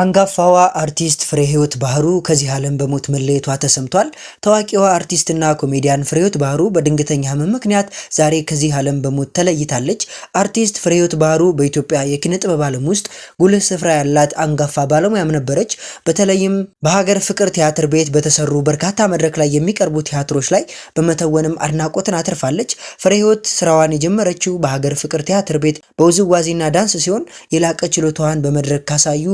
አንጋፋዋ አርቲስት ፍሬህይወት ባህሩ ከዚህ ዓለም በሞት መለየቷ ተሰምቷል። ታዋቂዋ አርቲስትና ኮሜዲያን ፍሬህይወት ባህሩ በድንገተኛ ህመም ምክንያት ዛሬ ከዚህ ዓለም በሞት ተለይታለች። አርቲስት ፍሬህይወት ባህሩ በኢትዮጵያ የኪነ ጥበብ ዓለም ውስጥ ጉልህ ስፍራ ያላት አንጋፋ ባለሙያም ነበረች። በተለይም በሀገር ፍቅር ቲያትር ቤት በተሰሩ በርካታ መድረክ ላይ የሚቀርቡ ቲያትሮች ላይ በመተወንም አድናቆትን አትርፋለች። ፍሬህይወት ስራዋን የጀመረችው በሀገር ፍቅር ቲያትር ቤት በውዝዋዜና ዳንስ ሲሆን የላቀ ችሎታዋን በመድረክ ካሳዩ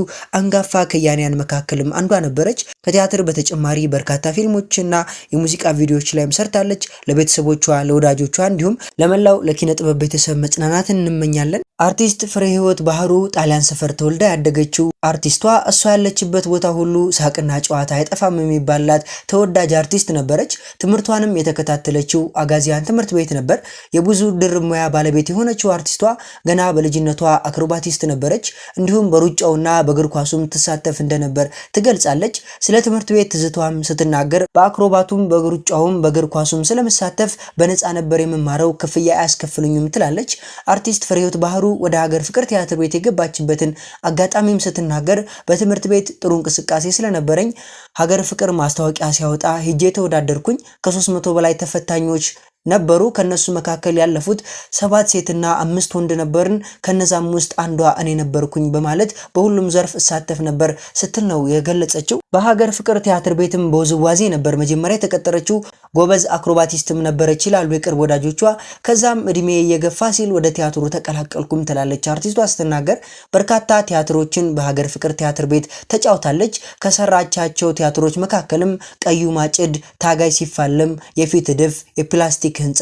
አንጋፋ ከያንያን መካከልም አንዷ ነበረች። ከቲያትር በተጨማሪ በርካታ ፊልሞችና የሙዚቃ ቪዲዮዎች ላይም ሰርታለች። ለቤተሰቦቿ፣ ለወዳጆቿ እንዲሁም ለመላው ለኪነ ጥበብ ቤተሰብ መጽናናትን እንመኛለን። አርቲስት ፍሬ ህይወት ባህሩ ጣሊያን ሰፈር ተወልዳ ያደገችው አርቲስቷ እሷ ያለችበት ቦታ ሁሉ ሳቅና ጨዋታ አይጠፋም የሚባላት ተወዳጅ አርቲስት ነበረች። ትምህርቷንም የተከታተለችው አጋዚያን ትምህርት ቤት ነበር። የብዙ ድር ሙያ ባለቤት የሆነችው አርቲስቷ ገና በልጅነቷ አክሮባቲስት ነበረች። እንዲሁም በሩጫውና በእግር ኳሱም ትሳተፍ እንደነበር ትገልጻለች። ስለ ትምህርት ቤት ትዝቷም ስትናገር በአክሮባቱም በሩጫውም በእግር ኳሱም ስለመሳተፍ በነፃ ነበር የምማረው፣ ክፍያ አያስከፍሉኝም ትላለች። አርቲስት ህይወት ባህሩ ወደ ሀገር ፍቅር ቲያትር ቤት የገባችበትን አጋጣሚም ስትናገር በትምህርት ቤት ጥሩ እንቅስቃሴ ስለነበረኝ ሀገር ፍቅር ማስታወቂያ ሲያወጣ ሄጄ ተወዳደርኩኝ። ከሶስት መቶ በላይ ተፈታኞች ነበሩ። ከነሱ መካከል ያለፉት ሰባት ሴትና አምስት ወንድ ነበርን። ከነዛም ውስጥ አንዷ እኔ ነበርኩኝ በማለት በሁሉም ዘርፍ እሳተፍ ነበር ስትል ነው የገለጸችው። በሀገር ፍቅር ቲያትር ቤትም በውዝዋዜ ነበር መጀመሪያ የተቀጠረችው። ጎበዝ አክሮባቲስትም ነበረች ይላሉ የቅርብ ወዳጆቿ። ከዛም እድሜ እየገፋ ሲል ወደ ቲያትሩ ተቀላቀልኩም ትላለች አርቲስቷ ስትናገር። በርካታ ቲያትሮችን በሀገር ፍቅር ቲያትር ቤት ተጫውታለች። ከሰራቻቸው ቲያትሮች መካከልም ቀዩ ማጭድ፣ ታጋይ ሲፋለም፣ የፊት ድፍ፣ የፕላስቲክ ህንፃ፣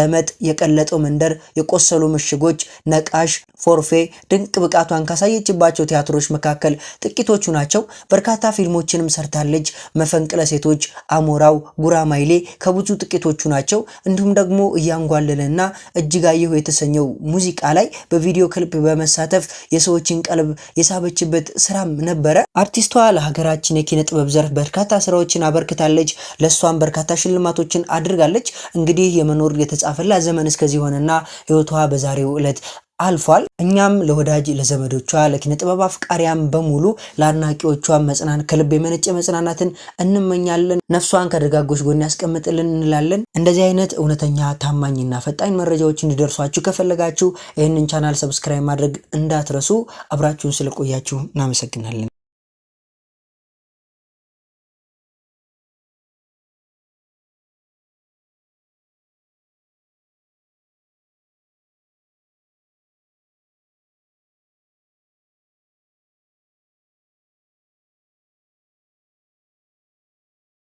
ረመጥ፣ የቀለጠው መንደር፣ የቆሰሉ ምሽጎች፣ ነቃሽ፣ ፎርፌ ድንቅ ብቃቷን ካሳየችባቸው ቲያትሮች መካከል ጥቂቶቹ ናቸው። በርካታ ፊልሞችንም ሰርታለች። መፈንቅለ ሴቶች፣ አሞራው፣ ጉራማይሌ ከብዙ ጥቂቶቹ ናቸው። እንዲሁም ደግሞ እያንጓለለና እጅጋየሁ የተሰኘው ሙዚቃ ላይ በቪዲዮ ክሊፕ በመሳተፍ የሰዎችን ቀልብ የሳበችበት ስራም ነበረ። አርቲስቷ ለሀገራችን የኪነ ጥበብ ዘርፍ በርካታ ስራዎችን አበርክታለች። ለእሷም በርካታ ሽልማቶችን አድርጋለች። እንግዲህ የመኖር የተጻፈላት ዘመን እስከዚህ ሆነና ህይወቷ በዛሬው ዕለት አልፏል። እኛም ለወዳጅ ለዘመዶቿ፣ ለኪነ ጥበብ አፍቃሪያም በሙሉ ለአድናቂዎቿ መጽናን ከልብ የመነጨ መጽናናትን እንመኛለን። ነፍሷን ከደጋጎች ጎን ያስቀምጥልን እንላለን። እንደዚህ አይነት እውነተኛ ታማኝና ፈጣኝ መረጃዎች እንዲደርሷችሁ ከፈለጋችሁ ይህንን ቻናል ሰብስክራይብ ማድረግ እንዳትረሱ። አብራችሁን ስለቆያችሁ እናመሰግናለን።